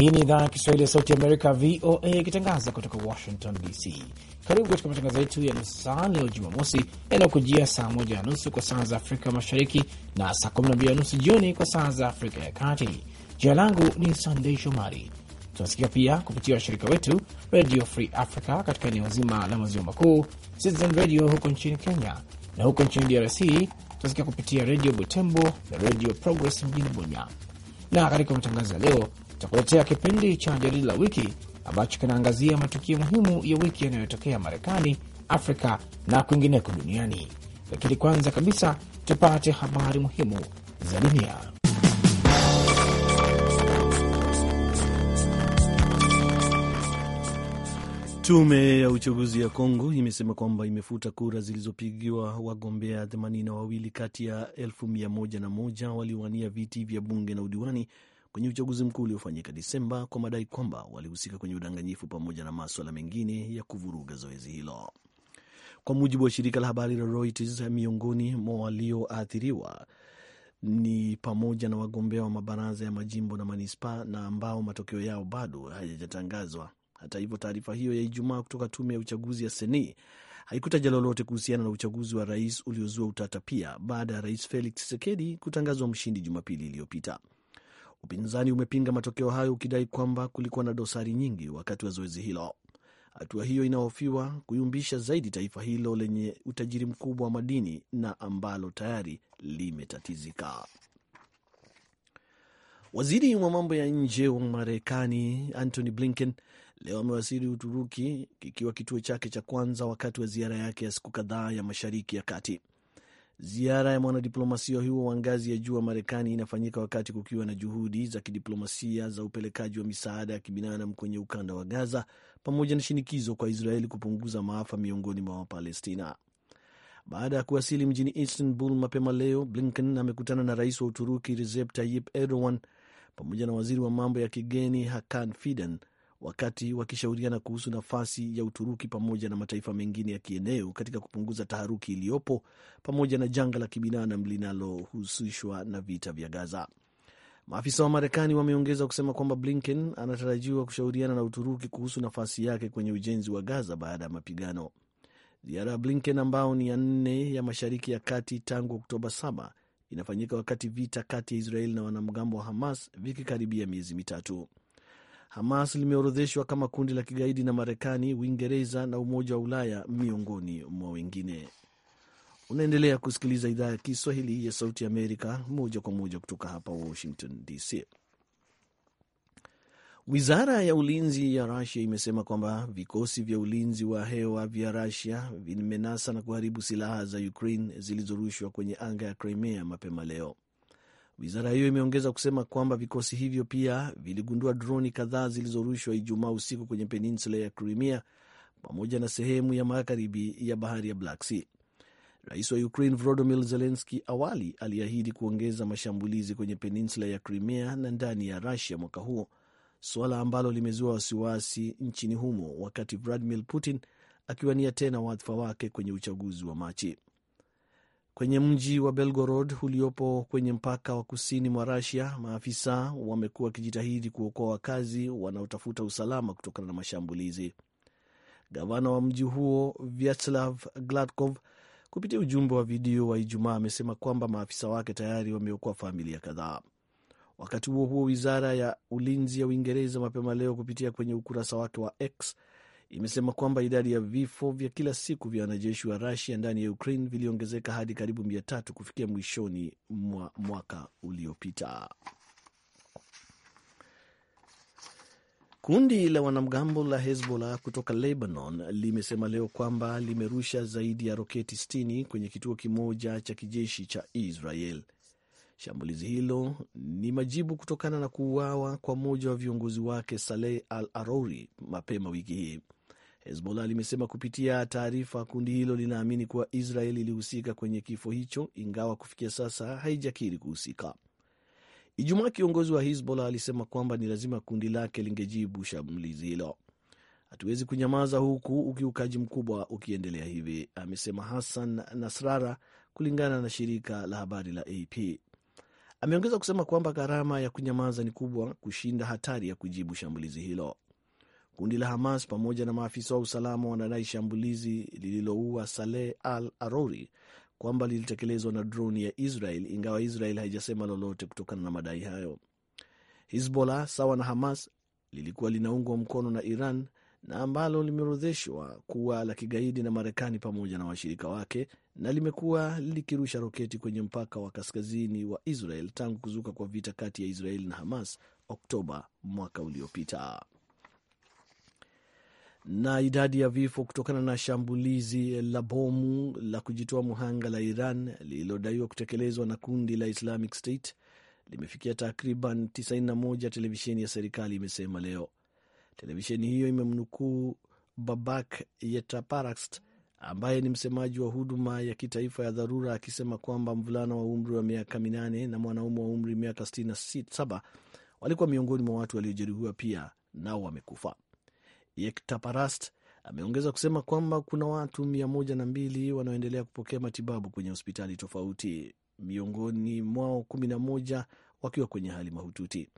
Hii ni idhaa ya Kiswahili ya Sauti Amerika, VOA, ikitangaza kutoka Washington DC. Karibu katika matangazo yetu ya nusu saa leo Jumamosi, yanayokujia saa moja na nusu kwa saa za Afrika Mashariki na saa kumi na mbili na nusu jioni kwa saa za Afrika ya Kati. Jina langu ni Sandei Shomari. Tunasikia pia kupitia washirika wetu Radio Free Africa katika eneo zima la maziwa makuu, Citizen Radio huko nchini Kenya, na huko nchini DRC tunasikia kupitia Radio Butembo na Radio Progress mjini Bunya. Na katika matangazo ya leo tutakuletea kipindi cha jarida la wiki ambacho kinaangazia matukio muhimu ya wiki yanayotokea Marekani, Afrika na kwingineko duniani. Lakini kwanza kabisa tupate habari muhimu za dunia. Tume ya uchaguzi ya Kongo imesema kwamba imefuta kura zilizopigiwa wagombea themanini na wawili kati ya elfu mia moja na moja waliowania viti vya bunge na udiwani kwenye uchaguzi mkuu uliofanyika disemba kwa madai kwamba walihusika kwenye udanganyifu pamoja na maswala mengine ya kuvuruga zoezi hilo. Kwa mujibu wa shirika la habari la Reuters, miongoni mwa walioathiriwa ni pamoja na wagombea wa mabaraza ya majimbo na manispaa na ambao matokeo yao bado hayajatangazwa. Hata hivyo, taarifa hiyo ya Ijumaa kutoka tume ya uchaguzi ya Seni haikutaja lolote kuhusiana na uchaguzi wa rais uliozua utata pia baada ya rais Felix Tshisekedi kutangazwa mshindi Jumapili iliyopita. Upinzani umepinga matokeo hayo ukidai kwamba kulikuwa na dosari nyingi wakati wa zoezi hilo. Hatua hiyo inahofiwa kuyumbisha zaidi taifa hilo lenye utajiri mkubwa wa madini na ambalo tayari limetatizika. Waziri wa mambo ya nje wa Marekani Antony Blinken leo amewasili Uturuki kikiwa kituo chake cha kwanza wakati wa ziara yake ya siku kadhaa ya Mashariki ya Kati. Ziara ya mwanadiplomasia huo wa ngazi ya juu wa Marekani inafanyika wakati kukiwa na juhudi za kidiplomasia za upelekaji wa misaada ya kibinadamu kwenye ukanda wa Gaza pamoja na shinikizo kwa Israeli kupunguza maafa miongoni mwa Wapalestina. Baada ya kuwasili mjini Istanbul mapema leo, Blinken amekutana na rais wa Uturuki Recep Tayyip Erdogan pamoja na waziri wa mambo ya kigeni Hakan Fidan wakati wakishauriana kuhusu nafasi ya Uturuki pamoja na mataifa mengine ya kieneo katika kupunguza taharuki iliyopo pamoja na janga la kibinadamu linalohusishwa na vita vya Gaza. Maafisa wa Marekani wameongeza kusema kwamba Blinken anatarajiwa kushauriana na Uturuki kuhusu nafasi yake kwenye ujenzi wa Gaza baada ya mapigano. Ziara ya Blinken ambao ni ya nne ya Mashariki ya Kati tangu Oktoba 7 inafanyika wakati vita kati ya Israeli na wanamgambo wa Hamas vikikaribia miezi mitatu. Hamas limeorodheshwa kama kundi la kigaidi na Marekani, Uingereza na Umoja wa Ulaya miongoni mwa wengine. Unaendelea kusikiliza idhaa ya Kiswahili ya Sauti ya Amerika moja kwa moja kutoka hapa Washington DC. Wizara ya ulinzi ya Rusia imesema kwamba vikosi vya ulinzi wa hewa vya Rusia vimenasa na kuharibu silaha za Ukraine zilizorushwa kwenye anga ya Crimea mapema leo. Wizara hiyo imeongeza kusema kwamba vikosi hivyo pia viligundua droni kadhaa zilizorushwa Ijumaa usiku kwenye peninsula ya Crimea pamoja na sehemu ya magharibi ya bahari ya Black Sea. Rais wa Ukraine Volodymyr Zelensky awali aliahidi kuongeza mashambulizi kwenye peninsula ya Crimea na ndani ya Russia mwaka huo, suala ambalo limezua wasiwasi nchini humo wakati Vladimir Putin akiwania tena wadhifa wake kwenye uchaguzi wa Machi kwenye mji wa Belgorod uliopo kwenye mpaka wa kusini mwa Rasia. Maafisa wamekuwa wakijitahidi kuokoa wakazi wanaotafuta usalama kutokana na mashambulizi. Gavana wa mji huo Vyacheslav Gladkov kupitia ujumbe wa video wa Ijumaa amesema kwamba maafisa wake tayari wameokoa familia kadhaa. Wakati huo huo, wizara ya ulinzi ya Uingereza mapema leo kupitia kwenye ukurasa wake wa X imesema kwamba idadi ya vifo vya kila siku vya wanajeshi wa Rusia ndani ya Ukraine viliongezeka hadi karibu mia tatu kufikia mwishoni mwa mwaka uliopita. Kundi la wanamgambo la Hezbollah kutoka Lebanon limesema leo kwamba limerusha zaidi ya roketi 60 kwenye kituo kimoja cha kijeshi cha Israel. Shambulizi hilo ni majibu kutokana na kuuawa kwa mmoja wa viongozi wake Saleh Al Arouri mapema wiki hii. Hezbollah limesema kupitia taarifa, kundi hilo linaamini kuwa Israel ilihusika kwenye kifo hicho, ingawa kufikia sasa haijakiri kuhusika. Ijumaa, kiongozi wa Hezbollah alisema kwamba ni lazima kundi lake lingejibu shambulizi hilo. Hatuwezi kunyamaza huku ukiukaji mkubwa ukiendelea hivi, amesema Hassan Nasrara, kulingana na shirika la habari la AP. Ameongeza kusema kwamba gharama ya kunyamaza ni kubwa kushinda hatari ya kujibu shambulizi hilo. Kundi la Hamas pamoja na maafisa wa usalama wanadai shambulizi lililoua Saleh al Arori kwamba lilitekelezwa na droni ya Israel, ingawa Israel haijasema lolote kutokana na madai hayo. Hizbollah sawa na Hamas lilikuwa linaungwa mkono na Iran na ambalo limeorodheshwa kuwa la kigaidi na Marekani pamoja na washirika wake na limekuwa likirusha roketi kwenye mpaka wa kaskazini wa Israel tangu kuzuka kwa vita kati ya Israel na Hamas Oktoba mwaka uliopita na idadi ya vifo kutokana na shambulizi la bomu la kujitoa muhanga la Iran lililodaiwa kutekelezwa na kundi la Islamic State limefikia takriban 91, televisheni ya serikali imesema leo. Televisheni hiyo imemnukuu Babak Yetaparast ambaye ni msemaji wa huduma ya kitaifa ya dharura akisema kwamba mvulana wa umri wa miaka minane na mwanaume wa umri miaka 67 walikuwa miongoni mwa watu waliojeruhiwa, pia nao wamekufa. Yektaparast ameongeza kusema kwamba kuna watu mia moja na mbili wanaoendelea kupokea matibabu kwenye hospitali tofauti, miongoni mwao kumi na moja wakiwa kwenye hali mahututi.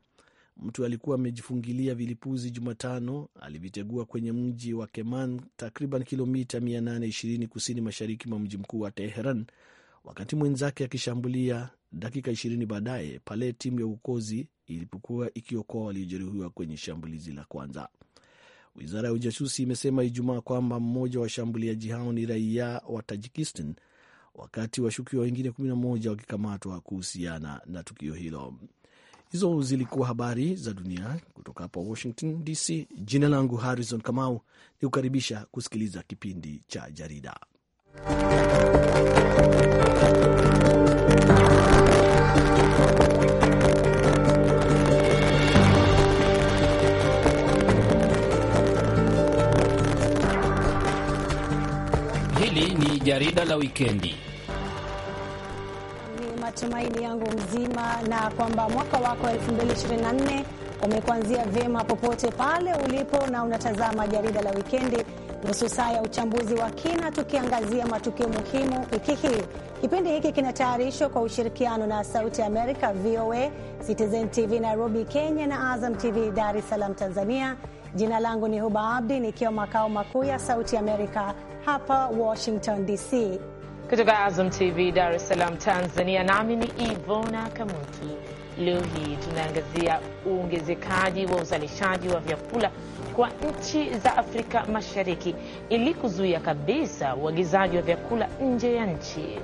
Mtu alikuwa amejifungilia vilipuzi Jumatano, alivitegua kwenye mji wa Keman, takriban kilomita 820 kusini mashariki mwa mji mkuu wa Teheran, wakati mwenzake akishambulia dakika 20 baadaye pale timu ya uokozi ilipokuwa ikiokoa waliojeruhiwa kwenye shambulizi la kwanza. Wizara ya ujasusi imesema Ijumaa kwamba mmoja wa washambuliaji hao ni raia wa Tajikistan, wakati washukiwa wengine 11 wakikamatwa kuhusiana na tukio hilo. Hizo zilikuwa habari za dunia kutoka hapa Washington DC. Jina langu Harrison Kamau, ni kukaribisha kusikiliza kipindi cha jarida jarida la wikendi. Ni matumaini yangu mzima na kwamba mwaka wako 224 umekuanzia vyema popote pale ulipo na unatazama jarida la wikendi, nusu saa ya uchambuzi wa kina, tukiangazia matukio muhimu wiki hii. Kipindi hiki kinatayarishwa kwa ushirikiano na Sauti america Amerika, VOA, Citizen TV Nairobi, Kenya, na Azam TV Dar es Salaam, Tanzania. Jina langu ni Huba Abdi, nikiwa makao makuu ya Sauti Amerika hapa Washington DC. Kutoka Azam TV Dar es Salaam, Tanzania, nami ni Ivona Kamuti. Leo hii tunaangazia uongezekaji wa uzalishaji wa vyakula kwa nchi za Afrika Mashariki ili kuzuia kabisa uagizaji wa vyakula nje ya nchi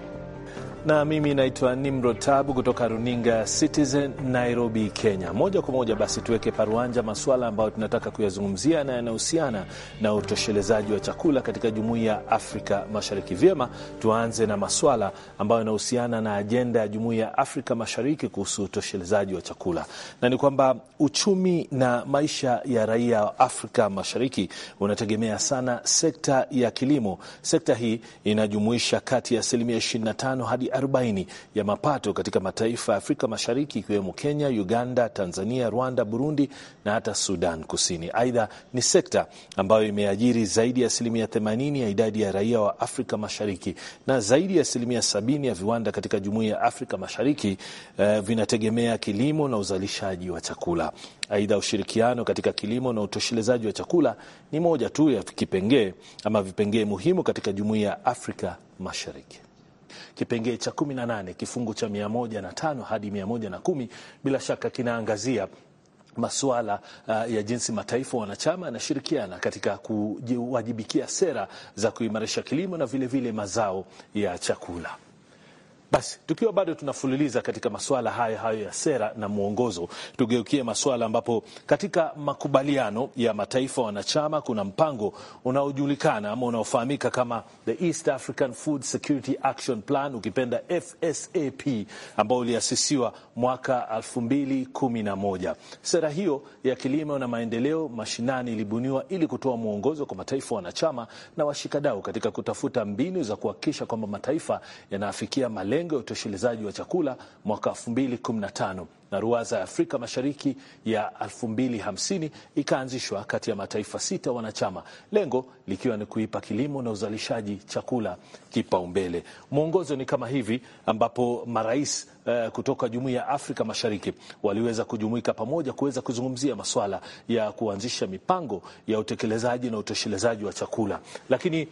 na mimi naitwa Nimro Tabu kutoka runinga Citizen Nairobi, Kenya. Moja kwa moja basi tuweke paruanja masuala ambayo tunataka kuyazungumzia na yanahusiana na utoshelezaji wa chakula katika jumuiya ya Afrika Mashariki. Vyema, tuanze na masuala ambayo yanahusiana na ajenda ya jumuiya ya Afrika Mashariki kuhusu utoshelezaji wa chakula, na ni kwamba uchumi na maisha ya raia wa Afrika Mashariki unategemea sana sekta ya kilimo. Sekta hii inajumuisha kati ya asilimia 25 hadi 40 ya mapato katika mataifa ya Afrika Mashariki ikiwemo Kenya, Uganda, Tanzania, Rwanda, Burundi na hata Sudan Kusini. Aidha, ni sekta ambayo imeajiri zaidi ya asilimia 80 ya idadi ya raia wa Afrika Mashariki na zaidi ya asilimia 70 ya viwanda katika Jumuiya ya Afrika Mashariki eh, vinategemea kilimo na uzalishaji wa chakula. Aidha, ushirikiano katika kilimo na utoshelezaji wa chakula ni moja tu ya kipengee ama vipengee muhimu katika Jumuiya ya Afrika Mashariki. Kipengee cha 18 kifungu cha 105 hadi 110 bila shaka kinaangazia masuala uh, ya jinsi mataifa wanachama yanashirikiana katika kujiwajibikia sera za kuimarisha kilimo na vilevile vile mazao ya chakula. Basi tukiwa bado tunafululiza katika masuala hayo hayo ya sera na mwongozo, tugeukie masuala ambapo katika makubaliano ya mataifa wanachama kuna mpango unaojulikana ama unaofahamika kama the East African Food Security Action Plan, ukipenda FSAP, ambao uliasisiwa mwaka 2011. Sera hiyo ya kilimo na maendeleo mashinani ilibuniwa ili kutoa mwongozo kwa mataifa wanachama na washikadau katika kutafuta mbinu za kuhakikisha kwamba mataifa yanaafikia malengo malengo ya utoshelezaji wa chakula mwaka 2015 na ruwaza ya Afrika Mashariki ya 2050 ikaanzishwa kati ya mataifa sita wanachama, lengo likiwa ni kuipa kilimo na uzalishaji chakula kipaumbele. Mwongozo ni kama hivi ambapo marais uh, kutoka jumuiya ya Afrika Mashariki waliweza kujumuika pamoja kuweza kuzungumzia masuala ya kuanzisha mipango ya utekelezaji na utoshelezaji wa chakula, lakini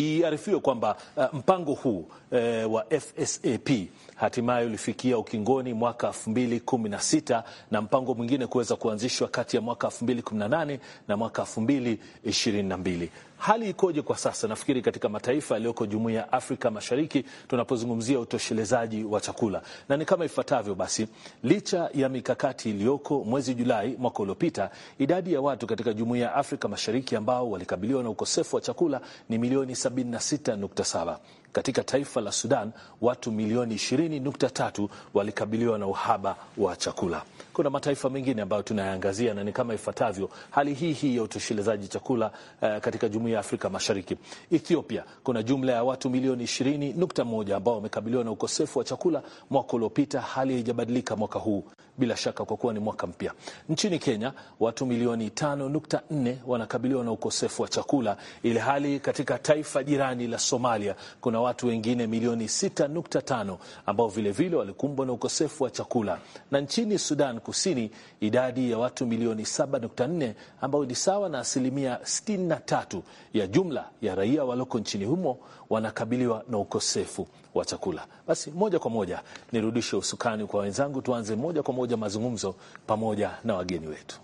Iarifiwe kwamba uh, mpango huu uh, wa FSAP hatimaye ulifikia ukingoni mwaka 2016 na mpango mwingine kuweza kuanzishwa kati ya mwaka 2018 na mwaka 2022. Hali ikoje kwa sasa, nafikiri katika mataifa yaliyoko jumuia ya Afrika Mashariki tunapozungumzia utoshelezaji wa chakula, na ni kama ifuatavyo. Basi, licha ya mikakati iliyoko, mwezi Julai mwaka uliopita idadi ya watu katika jumuia ya Afrika Mashariki ambao walikabiliwa na ukosefu wa chakula ni milioni 76.7. Katika taifa la Sudan watu milioni 20.3 walikabiliwa na uhaba wa chakula kuna mataifa mengine ambayo tunayaangazia na ni kama ifuatavyo. Hali hii hii ya utoshelezaji chakula uh, katika jumuia ya Afrika Mashariki. Ethiopia kuna jumla ya watu milioni 20.1 ambao wamekabiliwa na ukosefu wa chakula mwaka uliopita, hali haijabadilika mwaka huu bila shaka kwa kuwa ni mwaka mpya. Nchini Kenya watu milioni 5.4 wanakabiliwa na ukosefu wa chakula, ili hali katika taifa jirani la Somalia kuna watu wengine milioni 6.5 ambao vilevile walikumbwa na ukosefu wa chakula, na nchini Sudan Kusini idadi ya watu milioni 7.4 ambayo ni sawa na asilimia 63 ya jumla ya raia walioko nchini humo wanakabiliwa na ukosefu wa chakula. Basi moja kwa moja nirudishe usukani kwa wenzangu, tuanze moja kwa moja mazungumzo pamoja na wageni wetu.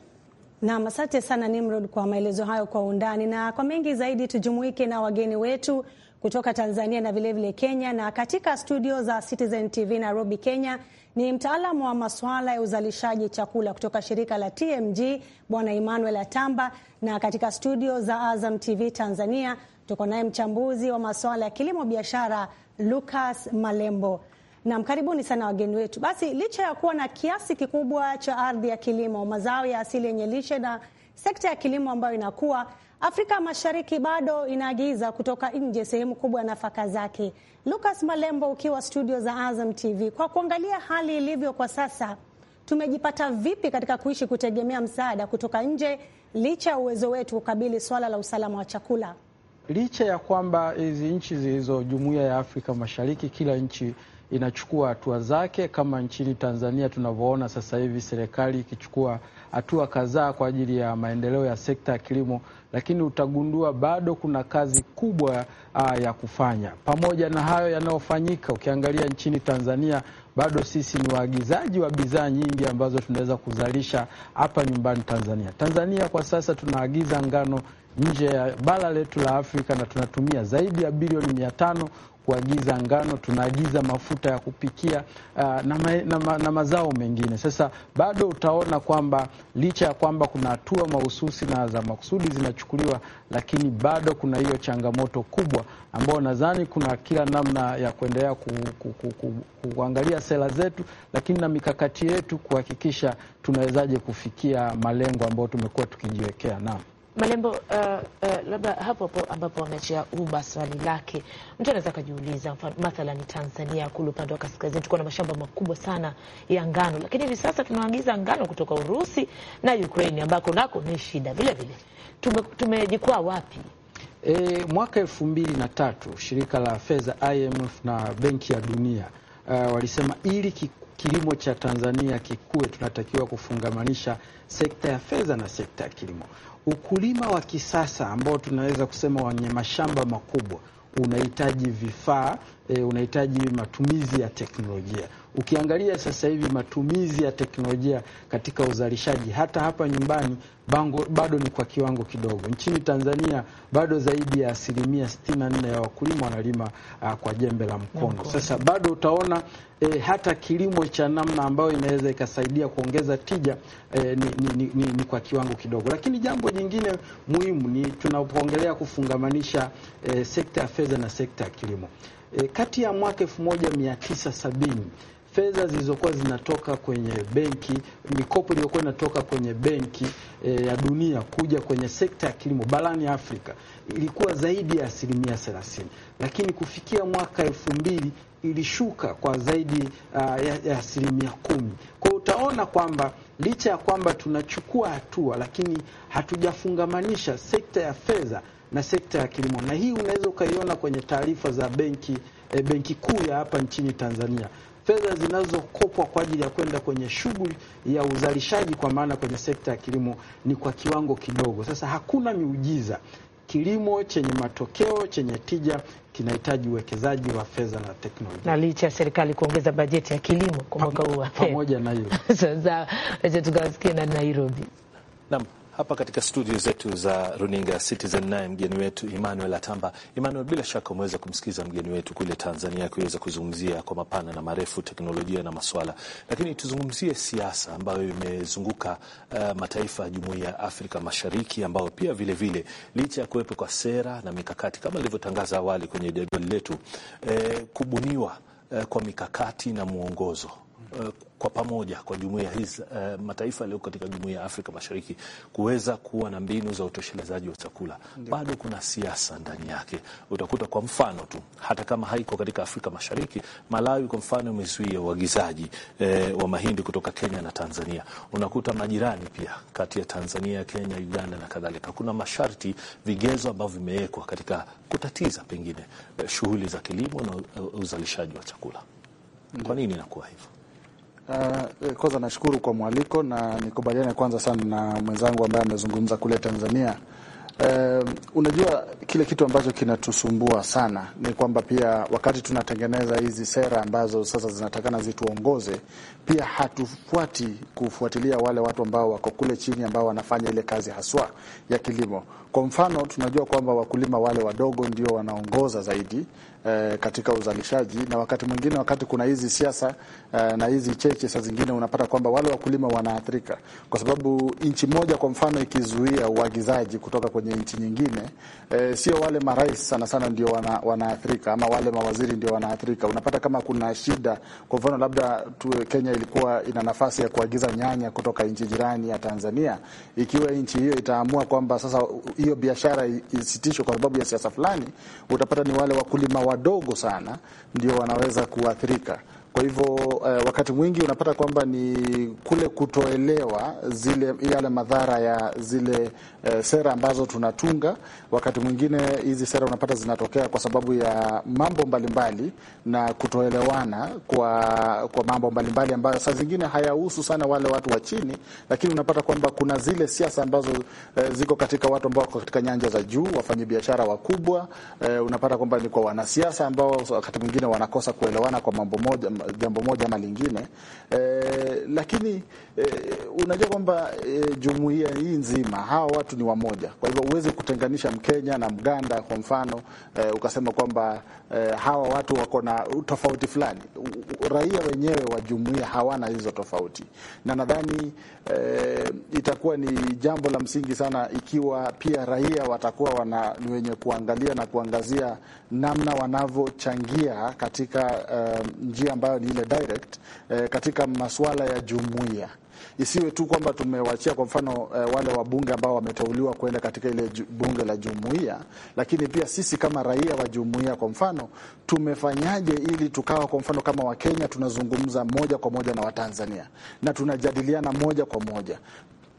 Nam, asante sana Nimrod kwa maelezo hayo kwa undani, na kwa mengi zaidi tujumuike na wageni wetu kutoka Tanzania na vilevile vile Kenya. Na katika studio za Citizen TV Nairobi, Kenya, ni mtaalamu wa masuala ya uzalishaji chakula kutoka shirika la TMG Bwana Emmanuel Atamba, na katika studio za Azam TV Tanzania tuko naye mchambuzi wa masuala ya kilimo biashara Lucas Malembo. nam karibuni sana wageni wetu. Basi licha ya kuwa na kiasi kikubwa cha ardhi ya kilimo, mazao ya asili yenye lishe na sekta ya kilimo ambayo inakuwa Afrika Mashariki bado inaagiza kutoka nje sehemu kubwa ya nafaka zake. Lucas Malembo, ukiwa studio za Azam TV, kwa kuangalia hali ilivyo kwa sasa, tumejipata vipi katika kuishi kutegemea msaada kutoka nje licha ya uwezo wetu kukabili swala la usalama wa chakula? Licha ya kwamba hizi nchi zilizo jumuiya ya Afrika Mashariki, kila nchi inachukua hatua zake. Kama nchini Tanzania tunavyoona sasa hivi serikali ikichukua hatua kadhaa kwa ajili ya maendeleo ya sekta ya kilimo, lakini utagundua bado kuna kazi kubwa aa, ah, ya kufanya. Pamoja na hayo yanayofanyika, ukiangalia nchini Tanzania bado sisi ni waagizaji wa bidhaa nyingi ambazo tunaweza kuzalisha hapa nyumbani Tanzania. Tanzania kwa sasa tunaagiza ngano nje ya bara letu la Afrika na tunatumia zaidi ya bilioni mia tano kuagiza ngano, tunaagiza mafuta ya kupikia uh, na, ma, na, ma, na mazao mengine. Sasa bado utaona kwamba licha ya kwamba kuna hatua mahususi na za makusudi zinachukuliwa, lakini bado kuna hiyo changamoto kubwa ambayo nadhani kuna kila namna ya kuendelea ku, ku, ku, ku, kuangalia sera zetu, lakini na mikakati yetu kuhakikisha tunawezaje kufikia malengo ambayo tumekuwa tukijiwekea nao. Malembo, uh, uh, labda hapo hapo ambapo ameachia uba swali lake, mtu anaweza akajiuliza, mathalani Tanzania kule upande wa kaskazini tuko na mashamba makubwa sana ya ngano, lakini hivi sasa tunaagiza ngano kutoka Urusi na Ukraini ambako nako ni shida vilevile. Tumejikwaa tume wapi? E, mwaka elfu mbili na tatu shirika la fedha IMF na Benki ya Dunia uh, walisema ili kilimo cha Tanzania kikue tunatakiwa kufungamanisha sekta ya fedha na sekta ya kilimo. Ukulima wa kisasa ambao tunaweza kusema wenye mashamba makubwa unahitaji vifaa e, unahitaji matumizi ya teknolojia. Ukiangalia sasa hivi matumizi ya teknolojia katika uzalishaji hata hapa nyumbani bango, bado ni kwa kiwango kidogo. Nchini Tanzania bado zaidi ya asilimia 64 ya wakulima wanalima uh, kwa jembe la mkono. Sasa bado utaona E, hata kilimo cha namna ambayo inaweza ikasaidia kuongeza tija e, ni, ni, ni, ni kwa kiwango kidogo. Lakini jambo jingine muhimu ni tunapoongelea kufungamanisha e, sekta ya fedha na sekta ya kilimo e, kati ya mwaka 1970 fedha zilizokuwa zinatoka kwenye benki, mikopo iliyokuwa inatoka kwenye benki e, ya dunia kuja kwenye sekta ya kilimo barani Afrika ilikuwa zaidi ya asilimia thelathini, lakini kufikia mwaka elfu mbili ilishuka kwa zaidi uh, ya, ya asilimia kumi. Kwa hiyo utaona kwamba licha ya kwamba tunachukua hatua, lakini hatujafungamanisha sekta ya fedha na sekta ya kilimo, na hii unaweza ukaiona kwenye taarifa za benki e, benki kuu ya hapa nchini Tanzania fedha zinazokopwa kwa ajili ya kwenda kwenye shughuli ya uzalishaji, kwa maana kwenye sekta ya kilimo ni kwa kiwango kidogo. Sasa hakuna miujiza. Kilimo chenye matokeo chenye tija kinahitaji uwekezaji wa fedha na teknolojia. Na licha ya serikali kuongeza bajeti ya kilimo kwa mwaka huu, pamoja na hiyo sasa tukawasikia na Nairobi. Naam hapa katika studio zetu za runinga Citizen, naye mgeni wetu Emmanuel Atamba. Emmanuel, bila shaka umeweza kumsikiza mgeni wetu kule Tanzania akiweza kuzungumzia kwa mapana na marefu teknolojia na maswala, lakini tuzungumzie siasa ambayo imezunguka uh, mataifa ya jumuiya ya Afrika Mashariki, ambayo pia vilevile vile, licha ya kuwepo kwa sera na mikakati kama ilivyotangaza awali kwenye jedwali letu eh, kubuniwa eh, kwa mikakati na mwongozo Eh, kwa pamoja kwa jumuiya hizi uh, mataifa yaliyo katika jumuiya ya Afrika Mashariki kuweza kuwa na mbinu za utoshelezaji wa chakula. Bado kuna siasa ndani yake. Utakuta kwa mfano tu, hata kama haiko katika Afrika Mashariki, Malawi kwa mfano imezuia uagizaji eh, wa mahindi kutoka Kenya na Tanzania. Unakuta majirani pia kati ya Tanzania, Kenya, Uganda na kadhalika, kuna masharti, vigezo ambavyo vimewekwa katika kutatiza pengine eh, shughuli za kilimo na eh, uzalishaji wa chakula. Kwa nini inakuwa hivyo? Uh, eh, kwanza nashukuru kwa mwaliko na nikubaliane kwanza sana na mwenzangu ambaye amezungumza kule Tanzania. Uh, unajua kile kitu ambacho kinatusumbua sana ni kwamba pia wakati tunatengeneza hizi sera ambazo sasa zinatakana zituongoze, pia hatufuati kufuatilia wale watu ambao wako kule chini ambao wanafanya ile kazi haswa ya kilimo. Kwa mfano tunajua kwamba wakulima wale wadogo ndio wanaongoza zaidi e, katika uzalishaji, na wakati mwingine, wakati kuna hizi siasa e, na hizi cheche, saa zingine unapata kwamba wale wakulima wanaathirika, kwa sababu nchi moja kwa mfano ikizuia uagizaji kutoka kwenye nchi nyingine e, sio wale marais sana sana ndio wana, wanaathirika ama wale mawaziri ndio wanaathirika. Unapata kama kuna shida, kwa mfano labda tu Kenya ilikuwa ina nafasi ya kuagiza nyanya kutoka nchi jirani ya Tanzania, ikiwa nchi hiyo itaamua kwamba sasa hiyo biashara isitishwe kwa sababu ya siasa fulani, utapata ni wale wakulima wadogo sana ndio wanaweza kuathirika. Kwa hivyo eh, wakati mwingi unapata kwamba ni kule kutoelewa zile yale madhara ya zile eh, sera ambazo tunatunga. Wakati mwingine hizi sera unapata zinatokea kwa sababu ya mambo mbalimbali mbali, na kutoelewana kwa, kwa mambo mbalimbali ambayo saa zingine hayahusu sana wale watu wa chini, lakini unapata kwamba kuna zile siasa ambazo eh, ziko katika watu ambao wako katika nyanja za juu, wafanyabiashara wakubwa eh, unapata kwamba ni kwa wanasiasa ambao wakati mwingine wanakosa kuelewana kwa mambo moja jambo moja ama lingine eh, lakini eh, unajua kwamba eh, jumuiya hii nzima hawa watu ni wamoja. Kwa hivyo huwezi kutenganisha Mkenya na Mganda kwa mfano eh, ukasema kwamba eh, hawa watu wako na tofauti fulani. Raia wenyewe wa jumuiya hawana hizo tofauti, na nadhani eh, itakuwa ni jambo la msingi sana ikiwa pia raia watakuwa wana, ni wenye kuangalia na kuangazia namna wanavyochangia katika uh, njia ambayo ni ile direct eh, katika masuala ya jumuiya isiwe tu kwamba tumewachia kwa mfano e, wale wabunge ambao wameteuliwa kwenda katika ile bunge la jumuiya, lakini pia sisi kama raia wa jumuiya, kwa mfano tumefanyaje ili tukawa, kwa mfano kama Wakenya tunazungumza moja kwa moja na Watanzania na tunajadiliana moja kwa moja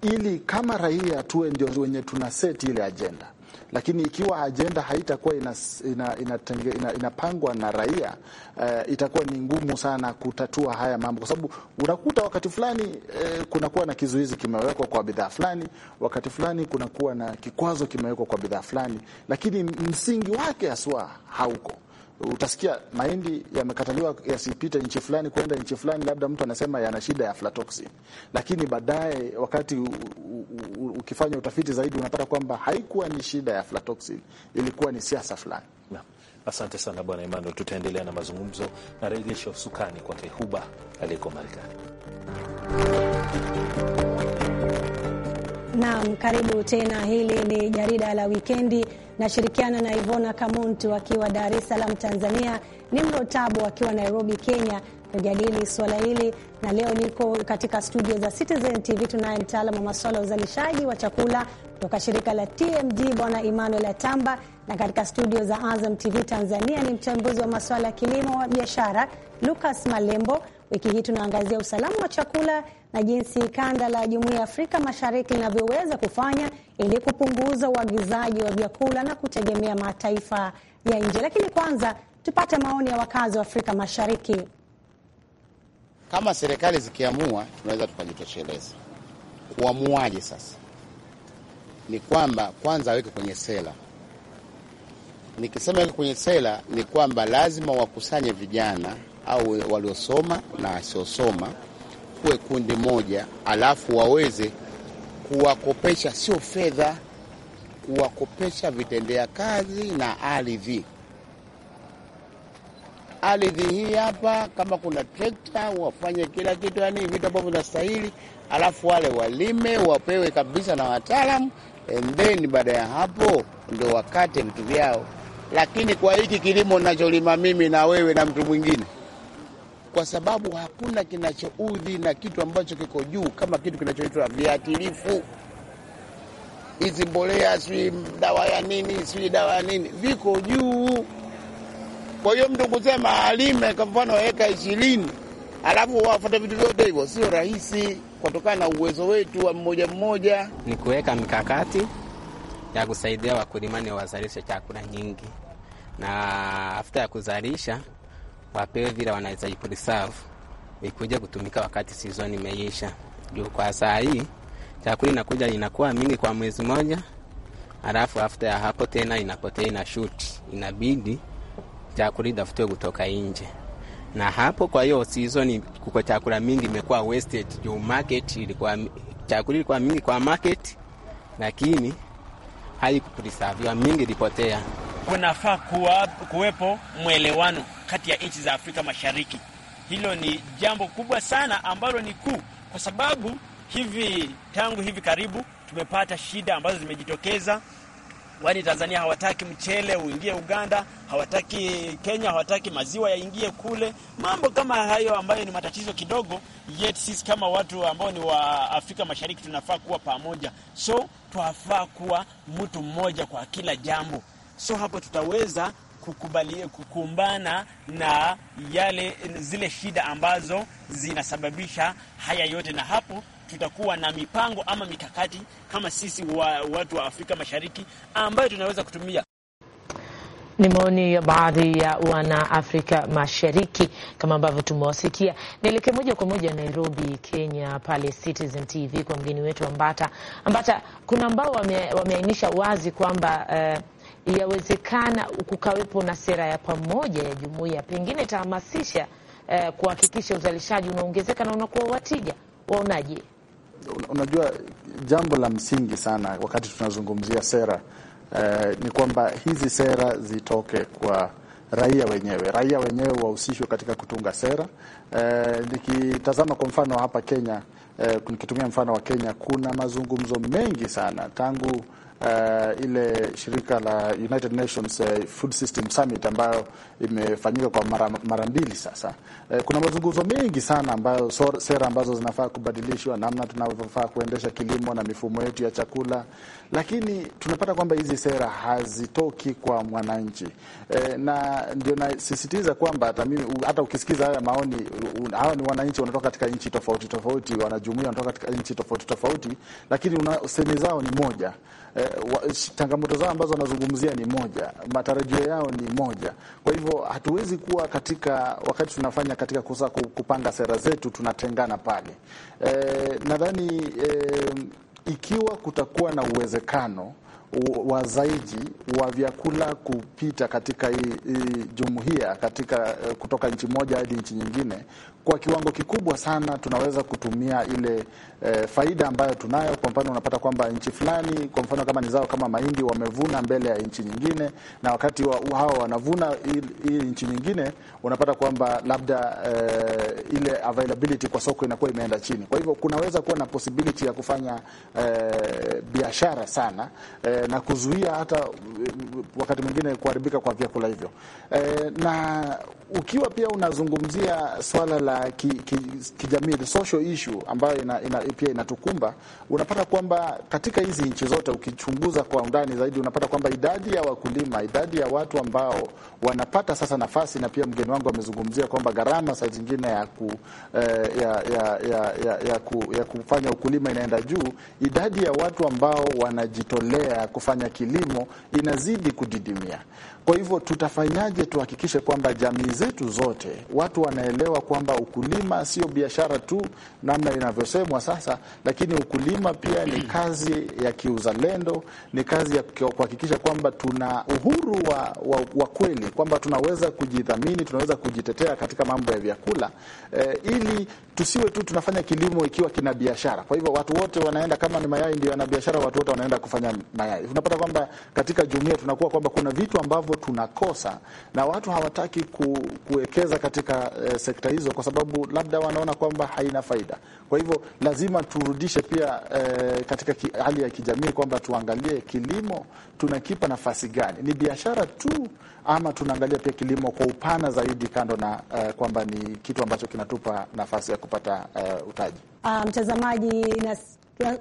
ili kama raia tuwe ndio wenye tuna seti ile ajenda lakini ikiwa ajenda haitakuwa inapangwa ina, ina, ina, ina na raia uh, itakuwa ni ngumu sana kutatua haya mambo, kwa sababu unakuta wakati fulani uh, kunakuwa na kizuizi kimewekwa kwa bidhaa fulani, wakati fulani kunakuwa na kikwazo kimewekwa kwa bidhaa fulani, lakini msingi wake haswa hauko utasikia mahindi yamekataliwa yasipite nchi fulani kwenda nchi fulani, labda mtu anasema yana shida ya aflatoxin, lakini baadaye wakati u, u, u, ukifanya utafiti zaidi unapata kwamba haikuwa ni shida ya aflatoxin, ilikuwa ni siasa fulani. Asante sana Bwana Emmanuel, tutaendelea na mazungumzo na rejesho wa usukani kwake Huba aliyeko Marekani. Naam, karibu tena. Hili ni jarida la wikendi Nashirikiana na Ivona Kamuntu akiwa Dar es Salaam, Tanzania, ni mrotabo akiwa Nairobi, Kenya, kujadili suala hili. Na leo niko katika studio za Citizen TV, tunaye mtaalamu wa masuala ya uzalishaji wa chakula kutoka shirika la TMG Bwana Emmanuel Atamba, na katika studio za Azam TV Tanzania ni mchambuzi wa masuala ya kilimo wa biashara Lucas Malembo. Wiki hii tunaangazia usalama wa chakula na jinsi kanda la Jumuiya ya Afrika Mashariki linavyoweza kufanya ili kupunguza uagizaji wa vyakula na kutegemea mataifa ya nje. Lakini kwanza tupate maoni ya wakazi wa Afrika Mashariki. Kama serikali zikiamua, tunaweza tukajitosheleza. Kuamuaje sasa? Ni kwamba kwanza aweke kwenye sera. Nikisema weke kwenye sera, ni kwamba lazima wakusanye vijana au waliosoma na wasiosoma wachukue kundi moja, alafu waweze kuwakopesha, sio fedha, kuwakopesha vitendea kazi na ardhi. Ardhi hii hapa, kama kuna trekta wafanye kila kitu, yani vitu ambavyo vinastahili, alafu wale walime, wapewe kabisa na wataalamu, and then baada ya hapo ndio wakate vitu vyao. Lakini kwa hiki kilimo nacholima mimi na wewe na mtu mwingine kwa sababu hakuna kinachoudhi na kitu ambacho kiko juu kama kitu kinachoitwa viatilifu. Hizi mbolea sijui dawa ya nini sijui dawa ya nini viko juu. Kwa hiyo mtu kusema alime kwa mfano eka ishirini alafu wafuate vitu vyote hivyo sio rahisi, kutokana na uwezo wetu wa mmoja mmoja. Ni kuweka mikakati ya kusaidia wakulimani wazalishe chakula nyingi, na afta ya kuzalisha wapewe vile wanaweza ipreserve ikuja kutumika wakati season imeisha. Juu kwa saa hii chakula inakuja inakuwa mingi kwa mwezi mmoja, alafu after ya hapo tena inapotea, ina shoot, inabidi chakula idafutwe kutoka nje na hapo. Kwa hiyo season kuko chakula mingi imekuwa wasted juu market ilikuwa chakula ilikuwa mingi kwa market, lakini haikupreserviwa, mingi ilipotea. Kunafaa kuwa kuwepo mwelewano kati ya nchi za Afrika Mashariki. Hilo ni jambo kubwa sana ambalo ni kuu, kwa sababu hivi tangu hivi karibu tumepata shida ambazo zimejitokeza kwani Tanzania hawataki mchele uingie Uganda, hawataki Kenya, hawataki maziwa yaingie kule, mambo kama hayo ambayo ni matatizo kidogo. Yet sisi kama watu ambao ni wa Afrika Mashariki tunafaa kuwa pamoja, so twafaa kuwa mtu mmoja kwa kila jambo, so hapo tutaweza kukubalia kukumbana na yale zile shida ambazo zinasababisha haya yote, na hapo tutakuwa na mipango ama mikakati kama sisi wa, watu wa Afrika Mashariki ambayo tunaweza kutumia. Ni maoni ya baadhi ya wanaafrika Mashariki kama ambavyo tumewasikia. Nielekee moja kwa moja Nairobi, Kenya, pale Citizen TV kwa mgeni wetu Ambata. Ambata, kuna ambao wame, wameainisha wazi kwamba eh, yawezekana kukawepo na sera ya pamoja ya jumuiya, pengine itahamasisha eh, kuhakikisha uzalishaji unaongezeka na unakuwa watija Waonaje? Unajua, jambo la msingi sana wakati tunazungumzia sera eh, ni kwamba hizi sera zitoke kwa raia wenyewe, raia wenyewe wahusishwe katika kutunga sera. Eh, nikitazama eh, kwa mfano hapa Kenya eh, nikitumia mfano wa Kenya, kuna mazungumzo mengi sana tangu uh, ile shirika la United Nations uh, Food System Summit ambayo imefanyika kwa mara, mara mbili sasa. Uh, kuna mazungumzo mengi sana ambayo sera ambazo zinafaa kubadilishwa, namna tunavyofaa kuendesha kilimo na mifumo yetu ya chakula, lakini tunapata kwamba hizi sera hazitoki kwa mwananchi uh, na ndio nasisitiza kwamba hata mimi hata ukisikiza haya maoni, hawa ni wananchi wanatoka katika nchi tofauti tofauti, wanajumuia wanatoka katika nchi tofauti tofauti, lakini una, semi zao ni moja. Eh, changamoto zao ambazo wanazungumzia ni moja, matarajio yao ni moja. Kwa hivyo hatuwezi kuwa katika wakati tunafanya katika kusa kupanga sera zetu tunatengana pale. E, nadhani e, ikiwa kutakuwa na uwezekano wa zaidi wa vyakula kupita katika hii jumuiya katika eh, kutoka nchi moja hadi nchi nyingine. Kwa kiwango kikubwa sana tunaweza kutumia ile e, faida ambayo tunayo. Kwa mfano, unapata kwamba nchi fulani, kwa mfano kama ni zao kama mahindi, wamevuna mbele ya nchi nyingine, na wakati wa, hao wanavuna hii nchi nyingine, unapata kwamba labda e, ile availability kwa soko inakuwa imeenda chini. Kwa hivyo kunaweza kuwa na possibility ya kufanya e, biashara sana e, Eh, na kuzuia hata eh, wakati mwingine kuharibika kwa vyakula hivyo E, na ukiwa pia unazungumzia swala la ki, ki, kijamii the social issue ambayo ina, ina, pia inatukumba, unapata kwamba katika hizi nchi zote ukichunguza kwa undani zaidi, unapata kwamba idadi ya wakulima, idadi ya watu ambao wanapata sasa nafasi, na pia mgeni wangu amezungumzia kwamba gharama saa zingine ya, ku, eh, ya, ya, ya, ya, ya, ku, ya kufanya ukulima inaenda juu, idadi ya watu ambao wanajitolea kufanya kilimo inazidi kudidimia. Kwa hivyo tutafanyaje tuhakikishe kwamba jamii zetu zote watu wanaelewa kwamba ukulima sio biashara tu namna inavyosemwa sasa, lakini ukulima pia ni kazi ya kiuzalendo, ni kazi ya kuhakikisha kwamba tuna uhuru wa, wa, wa kweli kwamba tunaweza kujidhamini, tunaweza kujitetea katika mambo ya vyakula e, ili tusiwe tu tunafanya kilimo ikiwa kina biashara. Kwa hivyo watu wote wanaenda, kama ni mayai ndio yana biashara, watu wote wanaenda kufanya mayai. Unapata kwamba katika jumuiya tunakuwa kwamba kuna vitu ambavyo ambapo tunakosa na watu hawataki ku, kuwekeza katika e, sekta hizo kwa sababu labda wanaona kwamba haina faida. Kwa hivyo lazima turudishe pia e, katika ki, hali ya kijamii kwamba tuangalie kilimo tunakipa nafasi gani? Ni biashara tu ama tunaangalia pia kilimo kwa upana zaidi kando na uh, kwamba ni kitu ambacho kinatupa nafasi ya kupata uh, utaji. Ah, mtazamaji um,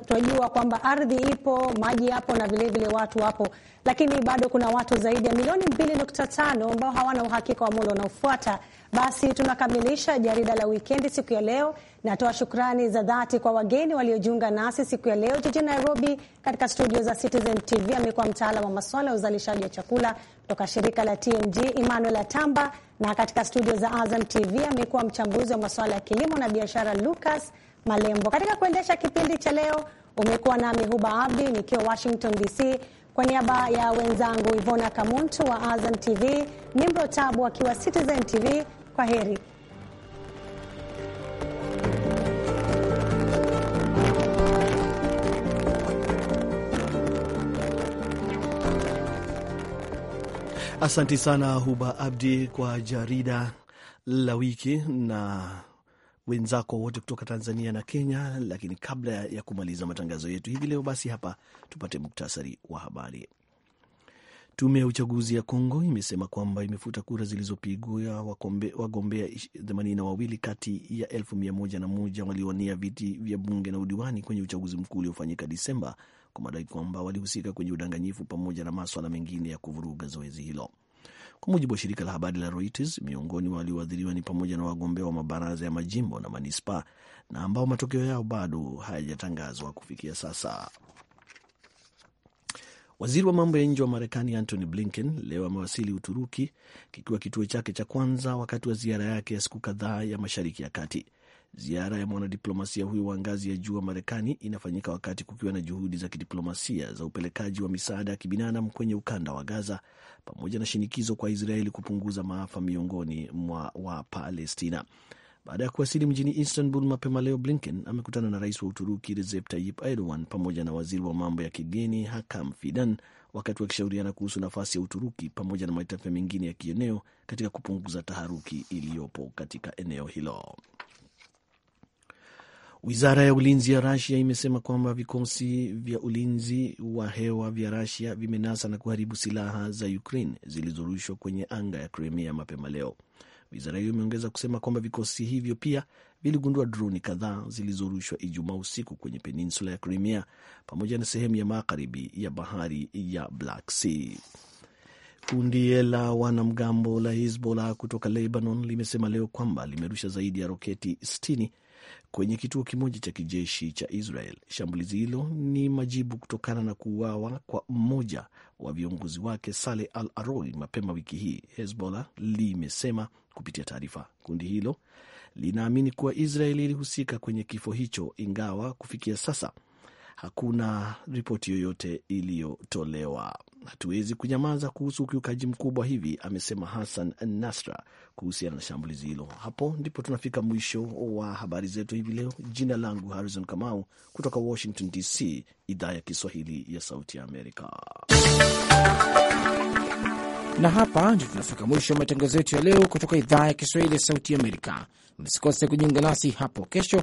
Tunajua kwamba ardhi ipo, maji yapo na vilevile vile watu wapo, lakini bado kuna watu zaidi ya milioni mbili nukta tano ambao hawana uhakika wa mulo unaofuata. Basi tunakamilisha jarida la wikendi siku ya leo. Natoa shukrani za dhati kwa wageni waliojiunga nasi siku ya leo jijini Nairobi, katika studio za Citizen TV. Amekuwa mtaalam wa maswala ya uzalishaji wa chakula kutoka shirika la TMG Emmanuel Atamba, na katika studio za Azam TV amekuwa mchambuzi wa maswala ya kilimo na biashara Lucas Malembo. Katika kuendesha kipindi cha leo umekuwa nami Huba Abdi nikiwa Washington DC, kwa niaba ya wenzangu Ivona Kamuntu wa Azam TV, Nimro Tabu akiwa Citizen TV. Kwa heri. Asanti sana Huba Abdi kwa jarida la wiki na wenzako wote kutoka Tanzania na Kenya. Lakini kabla ya kumaliza matangazo yetu hivi leo, basi hapa tupate muktasari wa habari. Tume ya uchaguzi ya Kongo imesema kwamba imefuta kura zilizopigwa wagombea themanini na wawili kati ya 11 mia waliowania viti vya bunge na udiwani kwenye uchaguzi mkuu uliofanyika Disemba kwa madai kwamba walihusika kwenye udanganyifu pamoja na maswala mengine ya kuvuruga zoezi hilo. Kwa mujibu wa shirika la habari la Reuters, miongoni walioathiriwa ni pamoja na wagombea wa mabaraza ya majimbo na manispa na ambao matokeo yao bado hayajatangazwa kufikia sasa. Waziri wa mambo ya nje wa Marekani Antony Blinken leo amewasili Uturuki kikiwa kituo chake cha kwanza wakati wa ziara yake ya siku kadhaa ya Mashariki ya Kati. Ziara ya mwanadiplomasia huyo wa ngazi ya juu wa Marekani inafanyika wakati kukiwa na juhudi za kidiplomasia za upelekaji wa misaada ya kibinadamu kwenye ukanda wa Gaza pamoja na shinikizo kwa Israeli kupunguza maafa miongoni mwa Wapalestina. Baada ya kuwasili mjini Istanbul mapema leo, Blinken amekutana na rais wa Uturuki Recep Tayyip Erdogan pamoja na waziri wa mambo ya kigeni Hakam Fidan wakati wakishauriana kuhusu nafasi ya Uturuki pamoja na mataifa mengine ya kieneo katika kupunguza taharuki iliyopo katika eneo hilo. Wizara ya ulinzi ya Rasia imesema kwamba vikosi vya ulinzi wa hewa vya Rasia vimenasa na kuharibu silaha za Ukraine zilizorushwa kwenye anga ya Crimea mapema leo. Wizara hiyo imeongeza kusema kwamba vikosi hivyo pia viligundua droni kadhaa zilizorushwa Ijumaa usiku kwenye peninsula ya Crimea pamoja na sehemu ya magharibi ya bahari ya Black Sea. Kundi la wanamgambo la hizbola kutoka Lebanon limesema leo kwamba limerusha zaidi ya roketi 60 kwenye kituo kimoja cha kijeshi cha Israel. Shambulizi hilo ni majibu kutokana na kuuawa kwa mmoja wa viongozi wake Saleh Al Aroi mapema wiki hii, Hezbollah limesema kupitia taarifa. Kundi hilo linaamini kuwa Israel ilihusika kwenye kifo hicho, ingawa kufikia sasa hakuna ripoti yoyote iliyotolewa hatuwezi kunyamaza kuhusu ukiukaji mkubwa hivi, amesema Hassan Nasra kuhusiana na shambulizi hilo. Hapo ndipo tunafika mwisho wa habari zetu hivi leo. Jina langu Harrison Kamau kutoka Washington DC, idhaa ya Kiswahili ya Sauti ya Amerika. Na hapa ndio tunafika mwisho wa matangazo yetu ya leo kutoka idhaa ya Kiswahili ya Sauti ya Amerika. Msikose kujiunga nasi hapo kesho